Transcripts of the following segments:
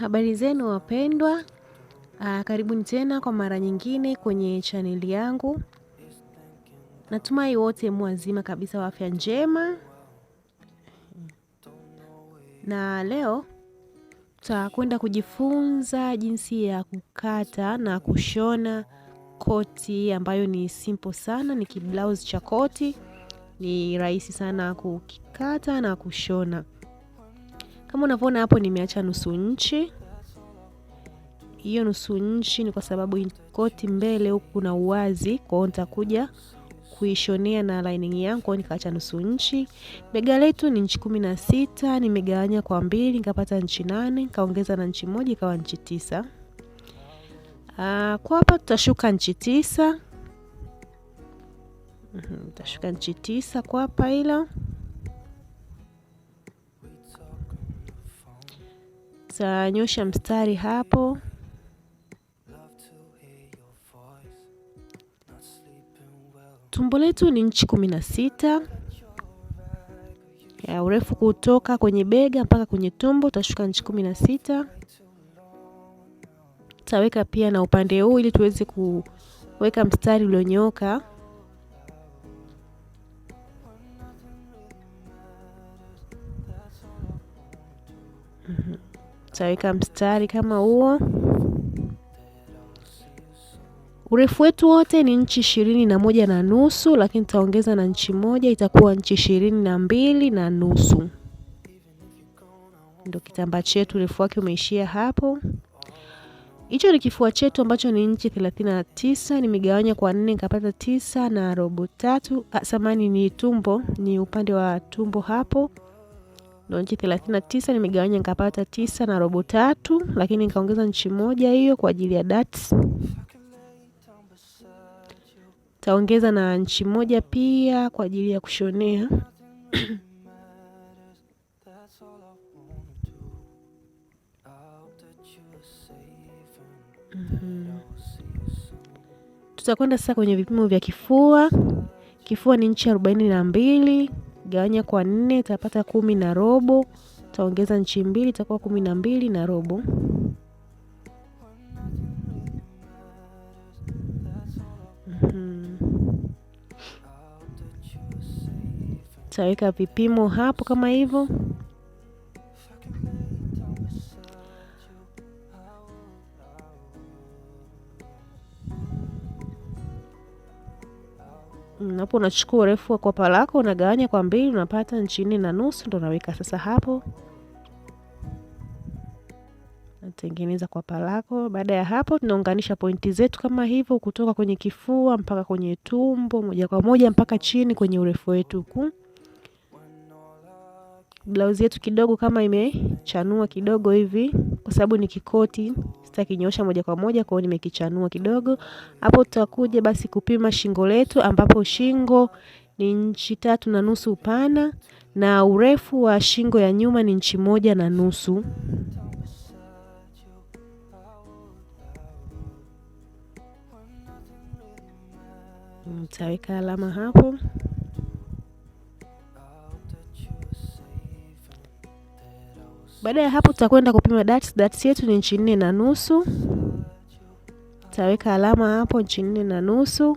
Habari zenu wapendwa, ah, karibuni tena kwa mara nyingine kwenye chaneli yangu. Natumai wote wazima kabisa wa afya njema, na leo tutakwenda kujifunza jinsi ya kukata na kushona koti ambayo ni simple sana, ni kiblausi cha koti, ni rahisi sana kukikata na kushona. Kama unavyoona hapo, nimeacha nusu nchi. Hiyo nusu nchi ni kwa sababu koti mbele huku kuna uwazi, kwa hiyo nitakuja kuishonea na lining yangu, kwa hiyo nikaacha nusu nchi. Bega letu ni nchi kumi na sita, nimegawanya kwa mbili, nikapata nchi nane, nikaongeza na nchi moja, ikawa nchi tisa. Aa, ah, kwa hapa tutashuka nchi tisa, mhm, tutashuka nchi tisa kwa hapa ila Nitanyosha mstari hapo tumbo letu ni nchi kumi na sita ya urefu kutoka kwenye bega mpaka kwenye tumbo utashuka nchi kumi na sita Utaweka pia na upande huu ili tuweze kuweka mstari ulionyoka tutaweka mstari kama huo. Urefu wetu wote ni nchi ishirini na moja na nusu, lakini tutaongeza na nchi moja, itakuwa nchi ishirini na mbili na nusu. Ndio kitambaa chetu, urefu wake umeishia hapo. Hicho ni kifua chetu ambacho ni nchi thelathini na tisa. Nimegawanya kwa nne nikapata tisa na robo tatu. Ah, samani ni tumbo, ni upande wa tumbo hapo ndo nchi 39 nimegawanya nikapata tisa na robo tatu, lakini nikaongeza nchi moja hiyo kwa ajili ya darts. Taongeza na nchi moja pia kwa ajili ya kushonea Tutakwenda sasa kwenye vipimo vya kifua. Kifua ni nchi arobaini na mbili gawanya kwa nne utapata kumi na robo, utaongeza nchi mbili itakuwa kumi na mbili na robo. Utaweka mhm. vipimo hapo kama hivyo. ambapo unachukua urefu wa kwapa lako unagawanya kwa mbili, unapata nchi nne na nusu, ndo unaweka sasa hapo natengeneza kwapa lako. Baada ya hapo, tunaunganisha pointi zetu kama hivyo, kutoka kwenye kifua mpaka kwenye tumbo, moja kwa moja mpaka chini kwenye urefu wetu huku. Blauzi yetu kidogo kama imechanua kidogo hivi kwa sababu ni kikoti, sitakinyosha moja kwa moja, kwa hiyo nimekichanua kidogo. Hapo tutakuja basi kupima shingo letu, ambapo shingo ni nchi tatu na nusu upana na urefu wa shingo ya nyuma ni nchi moja na nusu. Nitaweka alama hapo. Baada ya hapo tutakwenda kupima dats. Dats yetu ni nchi nne na nusu, taweka alama hapo nchi nne na nusu.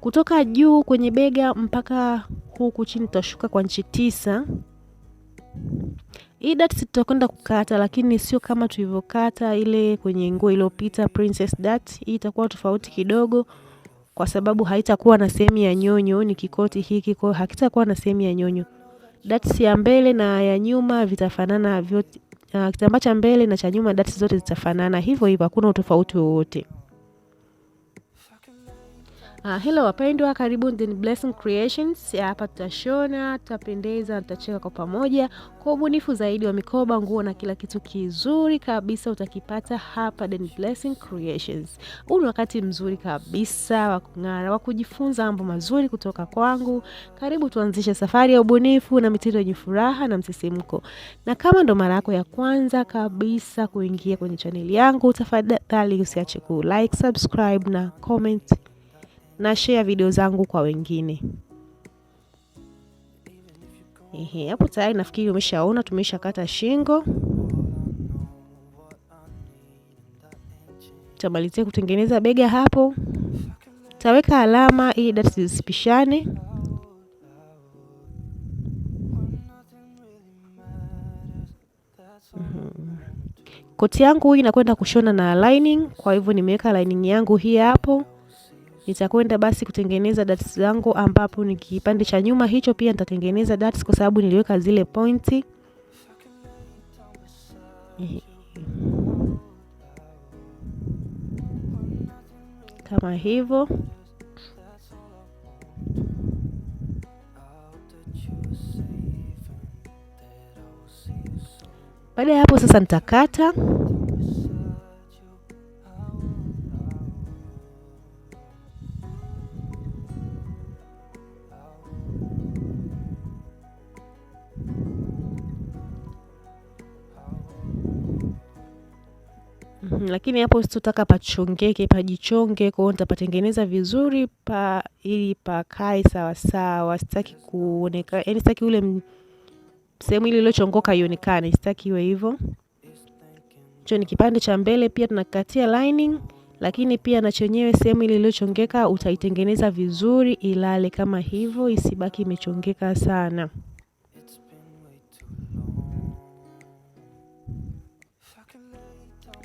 Kutoka juu kwenye bega mpaka huku chini tutashuka kwa nchi tisa. Hii dats tutakwenda kukata, lakini sio kama tulivyokata ile kwenye nguo iliyopita princess dart. Hii itakuwa tofauti kidogo kwa sababu haitakuwa na sehemu ya nyonyo. Ni kikoti hiki, kwa hiyo hakitakuwa na sehemu ya nyonyo. Dats ya mbele na ya nyuma vitafanana vyote. Uh, kitambaa cha mbele na cha nyuma dats zote zitafanana hivyo hivyo, hakuna utofauti wowote. Uh, hello wapendwa, karibu The Blessing Creations. Hapa tutashona, tutapendeza, tutacheka kwa pamoja. Kwa ubunifu zaidi wa mikoba, nguo na kila kitu kizuri kabisa utakipata hapa The Blessing Creations. Huu ni wakati mzuri kabisa wa kung'ara, wa kujifunza mambo mazuri kutoka kwangu. Karibu tuanzishe safari ya ubunifu na mitindo yenye furaha na msisimko. Na kama ndo mara yako ya kwanza kabisa kuingia kwenye chaneli yangu, tafadhali usiache ku like, subscribe na comment na share video zangu kwa wengine. Ehe, hapo tayari nafikiri umeshaona tumeshakata shingo. Tamalizia kutengeneza bega hapo, taweka alama ili dati zisipishane. Mhm. Koti yangu hii inakwenda kushona na lining, kwa hivyo nimeweka lining yangu hii hapo. Nitakwenda basi kutengeneza dots zangu, ambapo ni kipande cha nyuma hicho pia nitatengeneza dots kwa sababu niliweka zile pointi. Kama hivyo baada ya hapo sasa nitakata lakini hapo sitotaka pachongeke, pajichonge. Kwa hiyo nitapatengeneza vizuri pa ili pakae sawasawa. Sitaki kuoneka yani sitaki ule sehemu ile iliyochongoka ionekane, sitaki iwe hivyo. Hicho ni kipande cha mbele, pia tunakatia lining, lakini pia na chenyewe sehemu ile iliyochongeka utaitengeneza vizuri, ilale kama hivyo, isibaki imechongeka sana.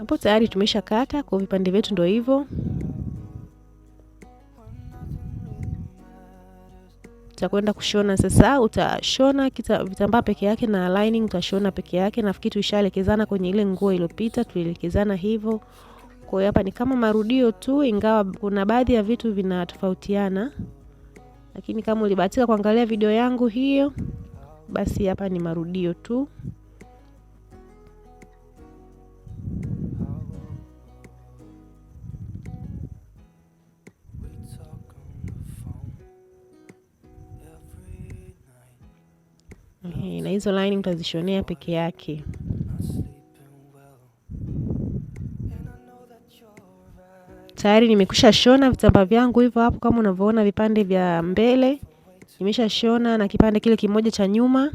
hapo tayari tumesha kata kwa vipande vyetu, ndio hivyo. takwenda kushona sasa, utashona vitambaa peke yake na lining utashona peke yake. Nafikiri tushaelekezana kwenye ile nguo iliyopita, tulielekezana hivyo. Kwa hiyo hapa ni kama marudio tu, ingawa kuna baadhi ya vitu vinatofautiana, lakini kama ulibahatika kuangalia video yangu hiyo, basi hapa ni marudio tu. Eh, na hizo laini mtazishonea peke yake. Tayari nimekusha shona vitambaa vyangu hivyo hapo, kama unavyoona vipande vya mbele nimesha shona na kipande kile kimoja cha nyuma.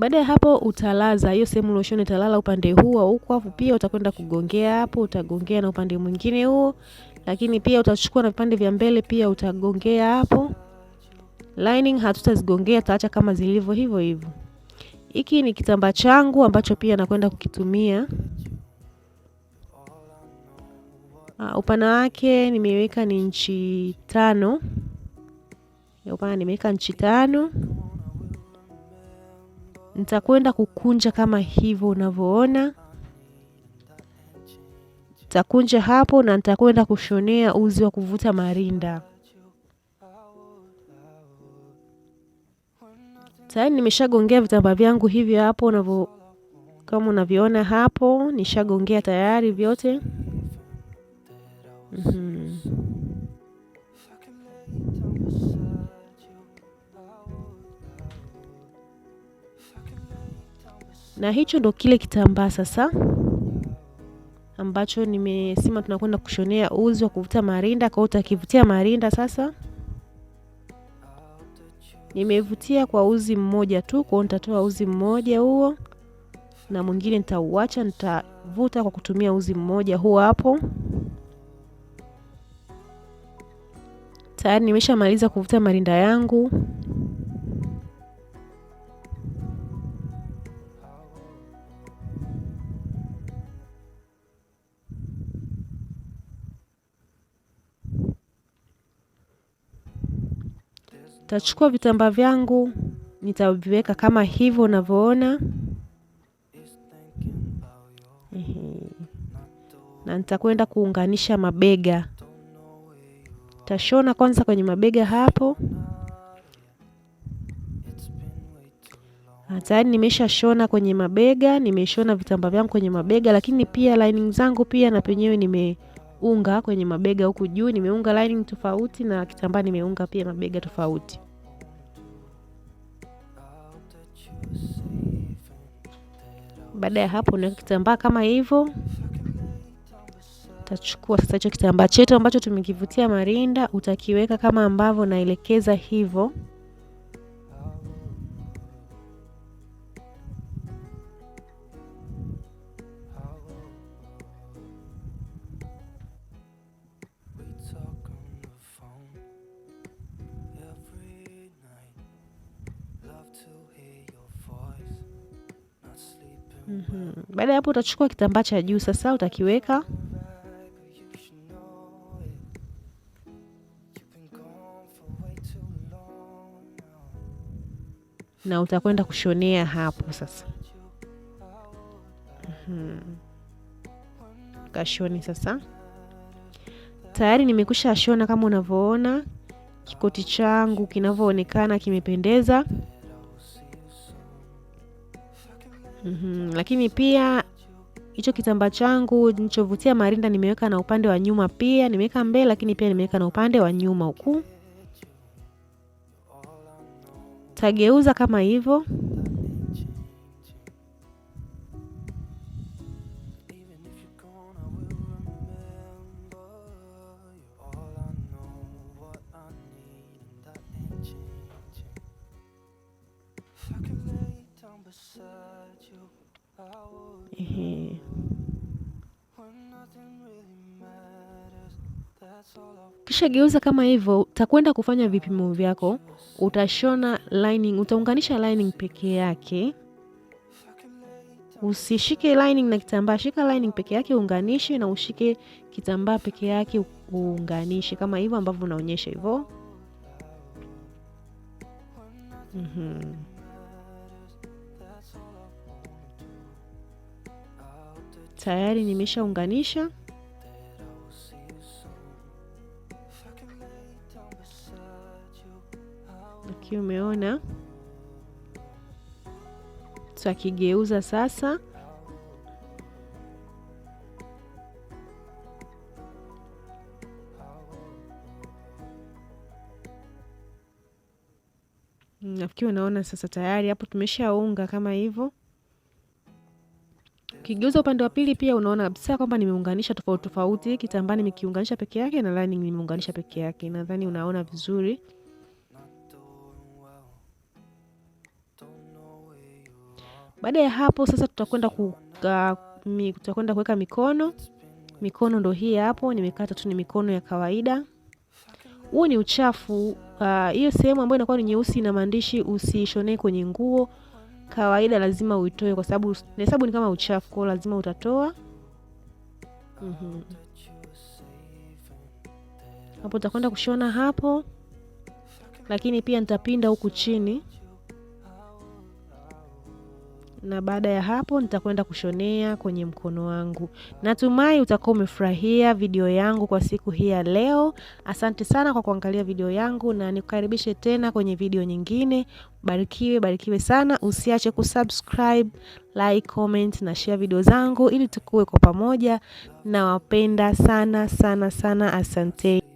Baada ya hapo utalaza hiyo sehemu loshoni, utalala upande huo huko, afu pia utakwenda kugongea hapo, utagongea na upande mwingine huo, lakini pia utachukua na vipande vya mbele pia utagongea hapo. Lining hatutazigongea, tutaacha kama zilivyo hivyo hivyo. Hiki ni kitambaa changu ambacho pia nakwenda kukitumia. Uh, upana wake nimeweka ni nchi tano. Upana nimeweka nchi tano. Nitakwenda kukunja kama hivyo unavyoona, nitakunja hapo na nitakwenda kushonea uzi wa kuvuta marinda. Tayari nimeshagongea vitambaa vyangu hivi hapo unavyo, kama unavyoona hapo nishagongea tayari vyote. mm -hmm. na hicho ndo kile kitambaa sasa ambacho nimesema tunakwenda kushonea uzi wa kuvuta marinda. Kwa utakivutia marinda sasa. Nimevutia kwa uzi mmoja tu, kwa hiyo nitatoa uzi mmoja huo na mwingine nitauacha, nitavuta kwa kutumia uzi mmoja huo hapo. Tayari nimeshamaliza kuvuta marinda yangu. Tachukua vitambaa vyangu nitaviweka kama hivyo unavyoona, na nitakwenda kuunganisha mabega. Tashona kwanza kwenye mabega hapo. Ah, tayari nimeshashona kwenye mabega, nimeshona vitambaa vyangu kwenye mabega, lakini pia lining zangu pia na penyewe nime unga kwenye mabega huku juu, nimeunga lining tofauti na kitambaa nimeunga pia mabega tofauti. Baada ya hapo, unaweka kitambaa kama hivyo. Utachukua sasa hicho kitambaa chetu ambacho tumekivutia marinda, utakiweka kama ambavyo naelekeza hivyo. Mm -hmm. Baada ya hapo utachukua kitambaa cha juu sasa utakiweka na utakwenda kushonea hapo sasa. Mm -hmm. Kashoni sasa. Tayari nimekusha shona kama unavyoona kikoti changu kinavyoonekana kimependeza mm -hmm. Lakini pia hicho kitambaa changu nilichovutia marinda nimeweka na upande wa nyuma pia nimeweka mbele, lakini pia nimeweka na upande wa nyuma huku, tageuza kama hivyo. Kisha geuza kama hivyo. Utakwenda kufanya vipimo vyako, utashona lining, utaunganisha lining peke yake, usishike lining na kitambaa. Shika lining peke yake uunganishe, na ushike kitambaa peke yake uunganishe, kama hivyo ambavyo unaonyesha hivyo. mm -hmm. Tayari nimeshaunganisha. Ukiwa umeona tutakigeuza sasa. Nafikiri unaona sasa, tayari hapo tumeshaunga kama hivyo. Ukigeuza upande wa pili pia unaona kabisa kwamba nimeunganisha tofauti tofauti, kitambaa nimekiunganisha peke yake na lining nimeunganisha peke yake. Nadhani unaona vizuri. Baada ya hapo sasa tutakwenda tutakwenda kuweka mikono. Mikono ndo hii hapo, nimekata tu ni mikono ya kawaida. Huu ni uchafu ah, hiyo. Uh, sehemu ambayo inakuwa ni nyeusi na maandishi usishonee kwenye nguo kawaida, lazima uitoe kwa sababu hesabu ni kama uchafu, kwa lazima utatoa. mm -hmm. Hapo utakwenda kushona hapo, lakini pia nitapinda huku chini na baada ya hapo nitakwenda kushonea kwenye mkono wangu. Natumai utakuwa umefurahia video yangu kwa siku hii ya leo. Asante sana kwa kuangalia video yangu na nikukaribishe tena kwenye video nyingine. Barikiwe, barikiwe sana. Usiache kusubscribe, like, comment na share video zangu ili tukue kwa pamoja. Nawapenda sana sana sana, asante.